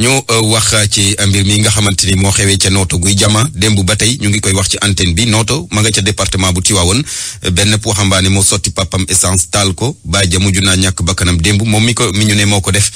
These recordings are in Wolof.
ñoo euh, wax euh, ci euh, mbir mi nga xamante ni moo xewee ca nooto guy jama démb ba tey ñu ngi koy wax ci antenne bi nooto ma nga ca département bu Tivaouane benn waxambaane moo sotti papam essence taal ko baa ja mujj naa ñàkk bakkanam démb moom mi ko mi ñu ne moo ko def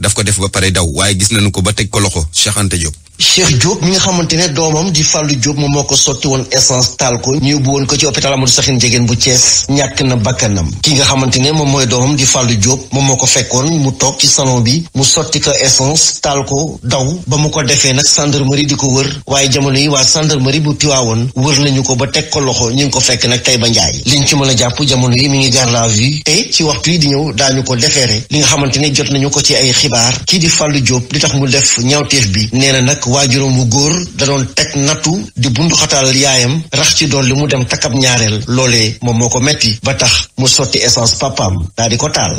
daf ko def ba pare daw waaye gis nañu ko ba teg ko loxo Cheikh Anta Diop Cheikh Diop mi nga xamante ne doomam di Fallou Diop moom moo ko sotti woon essence taal ko ñu yóbbu woon ko ci hôpital Amadou Sakhine Ndiéguène bu Thiès ñàkk na bakkanam kii nga xamante ne moom mooy doomam di Fallou Diop moom moo ko fekkoon mu toog ci salon bi mu sotti ko essence taal ko daw ba mu ko defee nag gendarmerie di ko wër waaye jamono yi waa gendarmerie bu Tiwaawoon wër nañu ko ba teg ko loxo ñu ngi ko fekk nag tey ba njaay liñ ci mën a jàpp jamono yi mi ngi garde à vue ci waxtu yi di ñëw daañu ko defeere li nga xamante ne jot nañu ko ci ay xibaar kii di Fallou Diop li tax mu def ñaawteef bi nee nag waajuram bu góor da teg nattu di bunduxataal yaayam rax ci doon li mu dem takkab ñaareel loole moom moo ko metti ba tax mu sotti essence papaam daa ko taal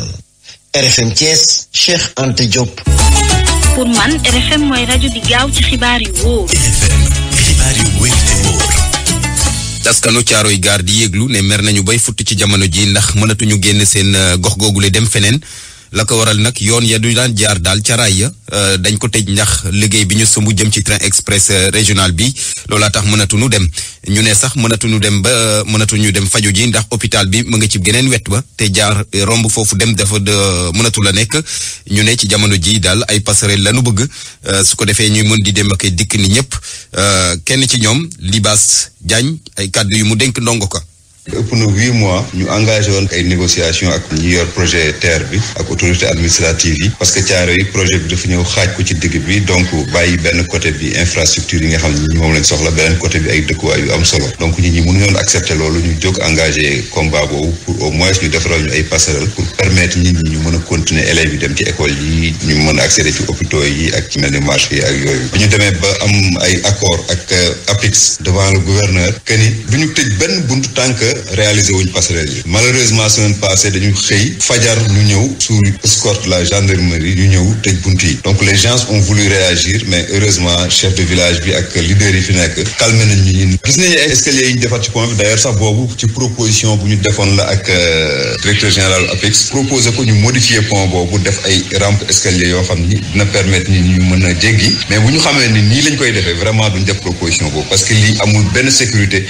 RFM Thiès Cheikh Anta Diop. pour man RFM mooy rajo di gaaw ci xibaar yu wóor. RFM xibaar caaroy gaar di yéeglu ne mer nañu bay futt ci jamono ji ndax mënatuñu génn seen euh, gox googule dem feneen. la ko waral nag yoon ya du daan jaar daal ca raay ya euh, dañ ko tëj ndax liggéey bi ñu sumb jëm ci train express euh, régional bi loolaa tax mënatuñu dem ñu ne sax mënatuñu dem ba euh, mënatuñu dem fajo ji ndax hôpital bi mu nga ci geneen wet ba te jaar romb foofu dem dafa mënatu la nekk ñu ne ci jamono ji daal ay passerelle lanu bëgg su ko defee ñuy mën di dem ak dikk ni ñëpp kenn ci ñoom Libas Diagne ay kàddu yu mu denk ndongo ko ëpp na huit mois ñu engagé woon ay négociations ak ñi yor projet terre bi ak autorité administrative yi parce que caaro yi projet bi dafa ñëw xaaj ko ci digg bi donc bàyyi benn côté bi infrastructure yi nga xam ne ñi moom lañ soxla beneen côté bi ay dëkkuwaay yu am solo donc ñi ñi mënuñoon accepter loolu ñu jóg engagé combat boobu pour au moins ñu defaral ñu ay passerelle pour permettre nit ñi ñu mën a continuer élèves yi dem ci école yi ñu mën a accéder ci hôpitaux yi ak ci mel ni marché yi ak yooyu bu ba am ay accord ak euh, APIX devant le ñu tëj benn buntu tànk réaliser wuñ passerelle yi malheureusement semaine passée dañu xëy fajar ñu ñëw sous escorte la gendarmerie ñu ñëw tëj bunt yi donc les gens ont voulu réagir mais heureusement chef de village bi ak leader yi fi nekk calmé nañ ñu ñun gis nañu escalier yi ñu defar ci pont bi d'ailleurs sax boobu ci proposition bu ñu defoon la ak euh, directeur général APEX proposé ko ñu modifier pont boobu def ay rampe escalier yoo xam ni dina permettre nit ñu mën a jéggi mais bu ñu xamee ni nii lañ koy defee vraiment duñ def proposition boobu parce que lii benn sécurité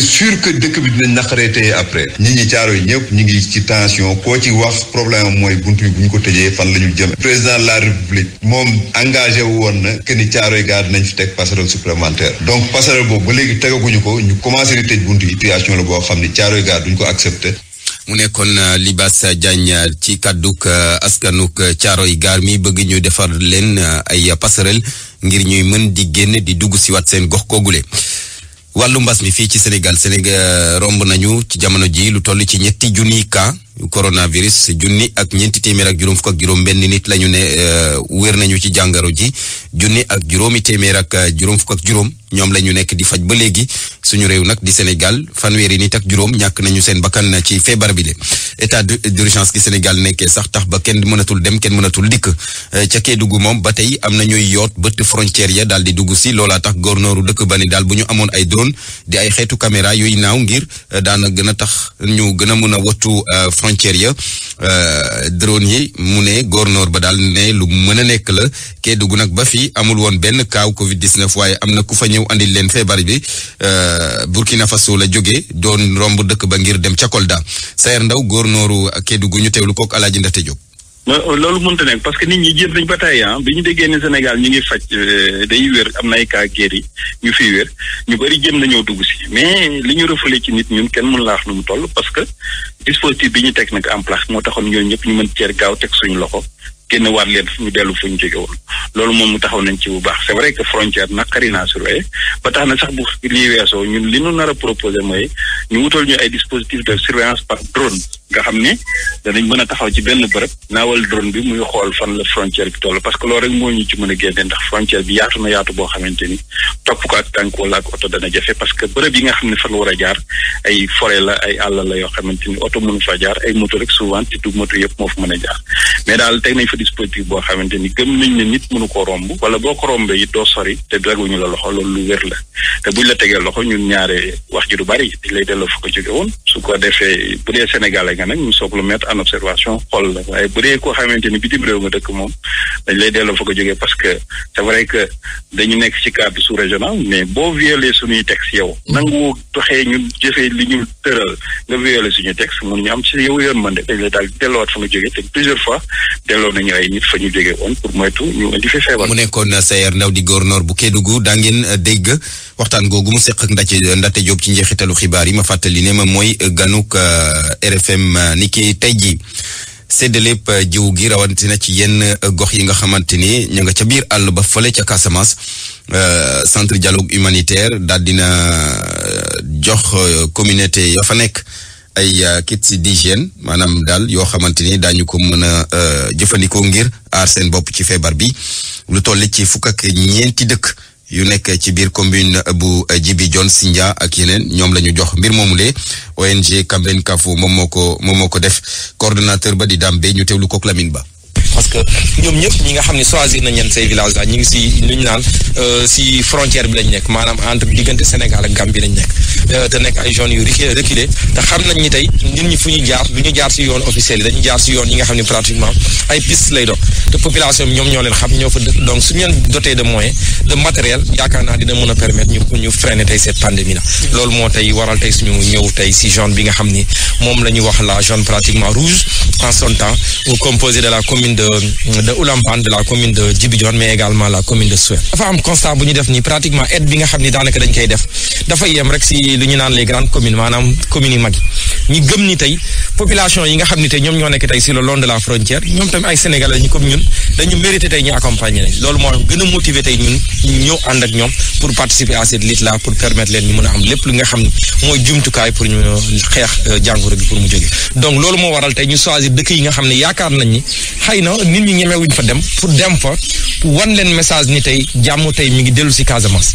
sur que dëkk bi dinañ naqaree tey après ñi ñi caaro yi ñëpp ñu ngi ci tension koo ci wax problème mooy bunt bi bu ñu ko tëjee fan la ñu jëm président la république moom engagé wu woon na kenn ni caaro yi gaar nañ fi teg passerelle supplémentaire donc passerelle boobu ba léegi tegaguñu ko ñu commencé di tëj bunt yi situation la boo xam ni caaro yi gaar duñ ko accepté mu nekkoon euh, Libaas Diagne euh, ci kàdduk euh, askanuk yi Gaar mi bëgg ñu defar leen ay passerelle ngir ñuy mën di génn di dugg si seen gox koogule wàllu mbas mi fii ci Sénégal Sénégal romb nañu ci jamono ji lu toll ci ñetti junika coronavirus junni ak ñeenti téeméer ak juróom fukk ak juróom benn nit la ñu ne euh, wér nañu ci jàngaro ji junni ak juróomi téeméer ak euh, juróom fukk juróom ñoom la ñu nekk di faj ba léegi suñu réew nag di Sénégal fanweeri nit ak juróom ñàkk nañu seen bakkan ci feebar bi le état d'urgence gi Sénégal nekke sax tax ba kenn mënatul dem kenn mënatul dikk euh, ca dugu moom ba tey am na ñu yoot bët frontière ya daal di dugg si loolaa tax gornooru dëkk ba ni daal bu ñu amoon ay drone di ay xeetu caméra yooyu naaw ngir daana gën a tax ñu gën a mën a wattu frontière ya euh, drone yi mu ne gouverneur ba daal ne lu mën a nekk la Kédougou nag ba fii amul woon benn kaaw Covid 19 waaye am na ku fa ñëw andil leen feebar bi euh, Burkina Faso la jógee doon romb dëkk ba ngir dem ca Kolda Sayer Ndaw gouverneur Kédougou ñu teewlu kook Alaaji Ndate Diop loolu mënta nekk parce que nit ñi jéem nañ ba tey ah bi ñu déggee ni Sénégal ñu ngi faj euh, day wér am na ay cas guéri yi ñu fi wér ñu bëri jéem nañoo dugg si mais li ñu refoulé ci nit ñun kenn mën laax nu mu toll parce que dispositif bi ñu teg nag en place moo taxoon ñooñu ñëpp ñu mën ceer gaaw teg suñu loxo génn waat leen fu ñu dellu fu ñu jóge woon loolu moom mu taxaw nañ ci bu baax c'est vrai que frontière nag xari naa surveillé ba tax na sax bu lii weesoo ñun li ñu nar a mooy ñu wutal ñu ay dispositif de surveillance par drone nga xam ne danañ mën a taxaw ci benn bërëb naawal drone bi muy xool fan la frontière bi toll que loolu rek moo ñu ci mën a génne ndax frontière bi boo xamante ni topp ko ak tànk wala ak oto dana yi nga xam ne fan war a jaar ay forêt la ay àll ni oto mënu fa jaar ay moto rek moto yëpp moo fa mën a jaar mais daal teg nañ fa dispositif boo xamante ni gëm nañ nit mënu ko romb wala boo ko rombee it doo sori te daguñu la loxo loolu lu la te buñ la tegee loxo ñun ñaare wax ji du bari lay delloo fa ko jóge woon su ko defee bu dee Sénégal nga nag ñu soog la mettre en observation xool la waaye bu dee koo xamante ni bitim réew nga dëkk moom dañ lay delloo fa ko jógee parce que c'est vrai que dañu nekk ci cadre sous-régional mais boo violé suñuy texte yow mm-hmm. nangu doxee ñu jëfee li ñu tëral nga violé suñuy texte mun ñu am ci yow yoon man de dañ lay daal delloowaat fa nga jógee te plusieurs fois delloo nañu ay nit fa ñu jógee woon pour moytu ñu indi fee feebar mu nekkoon Sayer Ndao di gouverneur bu Kédougou daa ngeen dégg waxtaan googu mu seq ak ndaje Ndate Diop ci njeexitalu xibaar yi ma fàttali ne ma mooy ganuk euh, RFM euh, ni ki tey jii séddaleep euh, jiw gi rawatina ci yenn gox yi nga xamante ni ña nga ca biir àll ba fële ca Casamance centre dialogue humanitaire daal dina jox communauté ya fa nekk ay kits d'hygiène maanaam daal yoo xamante ni daañu ko mën a jëfandikoo ngir aar seen bopp ci feebar bi lu toll ci fukk ak ñeenti dëkk. yu nekk ci biir commune bu Djibi jon Sindia ak yeneen ñoom la ñu jox mbir moomu le ONG Cambérène Kafou moom moo ko moom moo ko def coordonnateur ba di Dame be ñu teewlu ko Lamine Ba. que ñoom ñëpp ñi nga xam ne choisir nañ leen say village daal ñu ngi si ñu naan euh, si frontière bi lañ nekk maanaam entre diggante Sénégal ak Gambie lañ nekk euh, te ay zones yu reculé te xam nañ ni tey nit ñi fu ñu jaar du ñu jaar si yoon officiel dañu jaar si yoon yi nga xam ne pratiquement ay piste lay doon te population ñoom ñoo leen xam ñoo fa donc suñu leen doté de moyens de matériel yaakaar naa dina mën a permettre ñu ñu tey cette pandémie la loolu Euh, de Oulampane de la commune de Djibidione mais également la commune de Suède dafa am constat bu ñu def nii pratiquement aide bi nga xam ni daanaka dañ koy def dafa yem rek si lu ñu naan les grandes communes maanaam communes yi mag yi ñi gëm ni tey population yi nga xam ne tey ñoom ñoo nekk tey si le long de la frontière ñoom tamit ay sénégalais lañu comme ñun dañu mérité tey ñu accompagner leen loolu moo gën a motiver tey ñun ñu ñëw ànd ak ñoom pour participer à pour permettre leen ñu mën a am lépp li nga xam ne mooy jumtukaay pour ñu xeex euh, jàngoro bi pour mu jóge donc loolu moo waral tey ñu choisir dëkk yi nga xam ne yaakaar nañ ni xëy na nit ñi ñemewuñ fa dem pour dem fa wan leen message ni tey jàmm tey mi ngi dellu si Casamance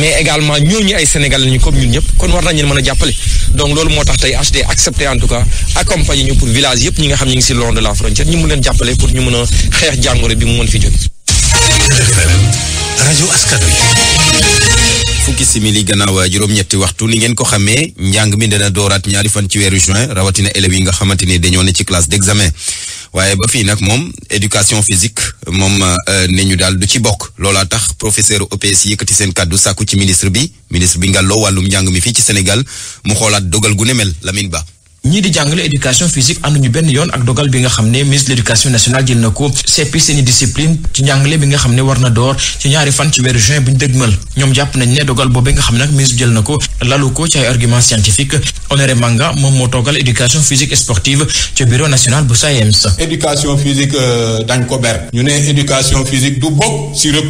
mais également ñooñu ay sénégal lañu comme ñun ñëpp kon war nañ leen mën a jàppale donc loolu moo tax tey HD accepté en tout cas accompagner ñu pour village yëpp ñi nga xam ñi ngi si long de la frontière ñu mun leen jàppale pour ñu mën a xeex jàngoro bi mu mën fi jóge. rajo askan wi fukki simili gannaaw juróom-ñetti waxtu ni ngeen ko xamee njàng mi dana dooraat ñaari fan ci weeru juin rawatina élèves yi nga xamante ni dañoo ci classe d'examen waaye ba fii nag moom éducation physique moom euh, ne ñu daal du ci bokk loolaa tax professeur EPS yëkkati seen kàddu sàkku ci ministre bi ministre bi ngàlloo wàllum njàng mi fii ci Sénégal mu xolaat dogal gu ne mel Lamine Ba. ñii di jàngale éducation physique ànduñu benn yoon ak dogal bi nga xam ne ministre de l'éducation nationale jël na ko seppi seeni discipline ci njàngale bi nga xam ne war na door ci ñaari fan ci weeru juin bu ñu dëgmal ñoom jàpp ne moo toogal éducation physique et sportive ci bureau national bu SAEMS. éducation physique euh, dañ ko ber ñu ne éducation physique du bokk euh,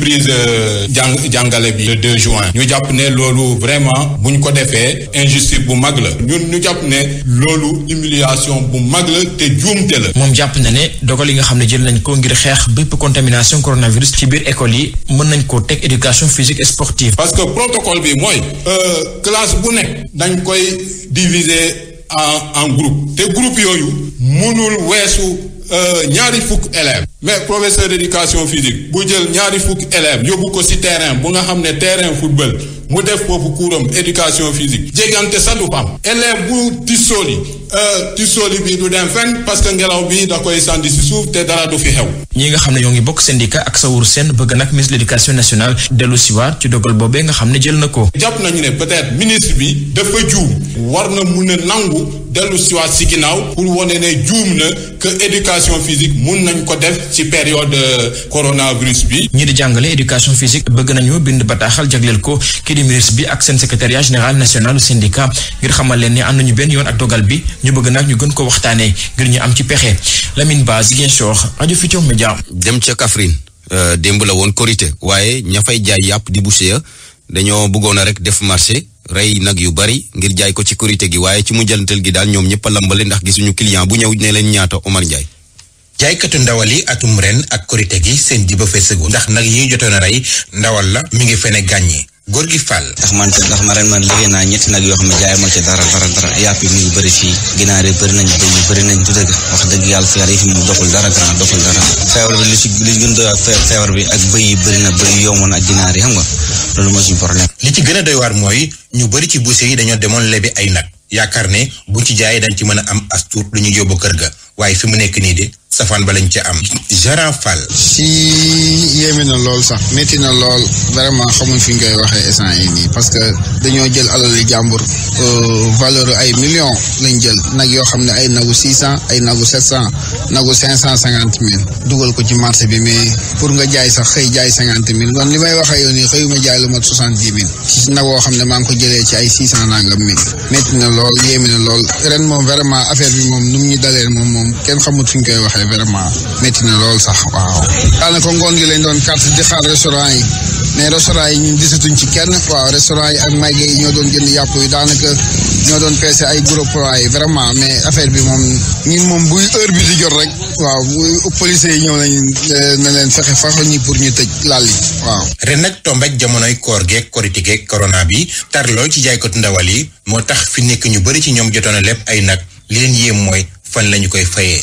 bi le 2 juin ñu jàpp ne loolu vraiment buñ ko defee injustice bu mag la ñun ñu jàpp ne loolu loolu humiliation bu mag la te juumte la. moom jàpp na ne dogal yi nga xam ne jël nañ ko ngir xeex bépp contamination coronavirus ci biir école yi mën nañ koo teg éducation physique et sportive. parce que protocole bi mooy euh, classe bu nekk dañ koy diviser en en groupe te groupe yooyu mënul weesu euh, ñaari fukk élèves. mais professeur d'éducation physique bu jël ñaari fukk élève yóbbu ko ci terrain bu nga xam ne terrain football mu def foofu kuuram éducation physique jégante sa du fa am élève bu tissooli euh, tissooli bi du dem fenn parce que ngelaw bi da koy sànni ci suuf te dara du fi xew ñi nga xam ne ñoo ngi bokk syndicat ak sawur seen bëgg nag ministre de l'éducation nationale dellu siwaat ci dogal boobee nga xam ne jël na ko jàpp nañu ne peut-être ministre bi dafa juum war na mun a nangu dellu siwaat ci ginnaaw pour wane ne juum na que éducation physique mun nañ ko def ci période euh, coronavirus bi. ñi di jàngale éducation physique bëgg nañu bind bataaxal jagleel ko kii di ministre bi ak seen secrétariat général national syndicat ngir xamal leen ne am nañu benn yoon ak dogal bi ñu bëgg nag ñu gën ko waxtaanee ngir ñu am ci pexe Lamine Ba Ziguinchor rajo Futurs Médias. dem ca Kaffrine euh, démb la woon Korité waaye ña fay jaay yàpp di boucher ya dañoo bëggoon a rek def marché. rey nag yu bari ngir jaay ko ci korité gi waaye ci mu jëntal gi daal ñoom ñëpp a lambale ndax client bu ñëw ne leen ñaata Omar Ndiaye jaaykatu ndawal yi atum ren ak korite gi seen jiba feesegu ndax nag yi ñu jotoon a rey ndawal la mu ngi fene gàññi góor gi faal ndax ndax ma ren man liggéey naa ñetti nag yoo xam ne jaay ma ci dara dara dara yàpp yi mu ngi bëri nañ bëri nañ du wax dëgg yàlla fi yàlla yi fi dara grand doxul dara feebar bi ak feebar yi bëri na bëy yomb na yi xam nga loolu mooy suñu problème li ci gën a doy waar mooy ñu bëri ci buse yi dañoo demoon lebi ay nag yaakaar ne bu ci jaayee dañ ci mën a am as tuut lu ñu yóbbu kër ga waaye fi mu nekk nii de safaan ba lañ ca am Jaraaf Fall si yéeme na lool sax metti na lool vraiment xamuñ fi ñu koy waxee essant yi nii parce que dañoo jël alali jàmbur euh, valeur ay millions lañ jël nag yoo xam ne ay nagu six cent ay nagu sept cent nagu cinq cent cinquante mille dugal ko ci marché bi mais pour nga jaay sax xëy jaay cinquante mille kon li may waxee yow nii xëyuma jaay lu mat soixante dix mille ci xam ne maa ngi ko jëlee ci ay six cent nangam mille métti na lool yéeme na lool ren moom vraiment affaire bi moom nu mu ñu dalee moom moom kenn xamut fi ñu koy waxee waxee vraiment métti na lool sax waaw. daanaka ngoon gi lañ doon carte di xaar restaurant yi mais restaurant yi ñu gisatuñ ci kenn waaw restaurant yi ak mayge yi ñoo doon jënd yàpp yi daanaka ñoo doon peese ay gros yi vraiment mais affaire bi moom ñun moom buy heure bi di jot rek. waaw policiers yi ñëw nañu eh, na leen fexe faxo ñi pour ñu tëj laal waaw. ren nag tombéeg jamonoy koor geek korite geeg corona bi tarloo ci jaaykatu ndawal yi moo tax fi nekk ñu bëri ci ñoom jotoon a lépp ay nag li leen yéem mooy fan lañu koy fayee.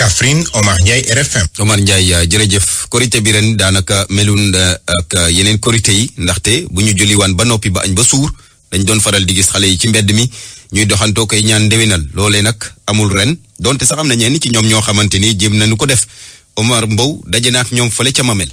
Kaffrine Omar Ndiaye RFM. Omar Ndiaye euh, jërëjëf korité bi ren daanaka melun euh, euh, yeneen korité yi ndaxte bu ñu julli waan ba noppi ba añ ba suur dañ doon faral di gis xale yi ci mbedd mi ñuy doxantoo koy ñaan ndewinal loolee nag amul ren donte sax am na ñenn ci ñoom ñoo xamante ni jéem nañu ko def Omar Mbow daje na ñoom fële ca Mamel.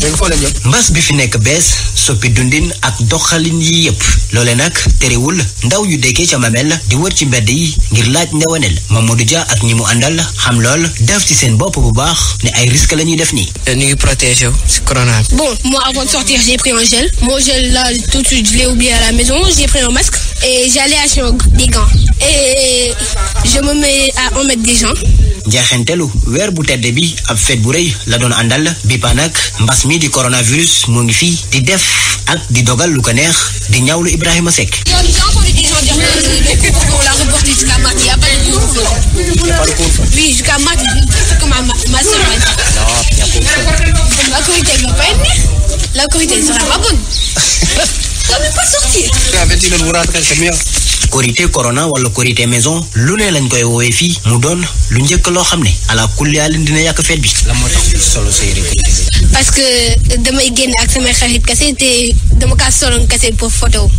léegi foo leen mbas bi fi nekk bees soppi dundin ak doxalin yii yëpp loole nag terewul ndaw yu dekkee ca mamel di wër ci mbedd yi ngir laaj ndewanel Mamadou ja ak ñi mu àndal xam lool def ci seen bopp bu baax ne ay risque la ñuy def nii. Eh, ñu ngi protégé wu corona bi. bon moi avant de sortir j'ai pris un gel mon gel là tout suite je l'ai oublié à la maison j'ai pris un masque et j'allais acheter des gants et je me mets à en mettre des gants. njaaxentelu weer bu tedd bi ab fête bu rëy la doon àndal bi pa nag mbas mi di coronavirus moo ngi fii di def ak di dogal lu ko neex di ñawlu Ibrahima Seck. La korité corona wala korité maison lu ne lañ koy woowee fii mu doon lu njëkk loo xam ne ala kulli dina yàq feet bi. la moo tax solo parce que damay génn ak samay xarit kese te dama kaa solo kese pour photo.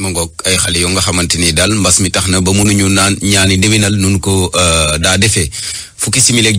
mu ngoog ay xale yoo nga xamante ni daal mbas mi tax na ba mënuñu naan ñaani déwénal nun ko euh, daa defee fukki simili ak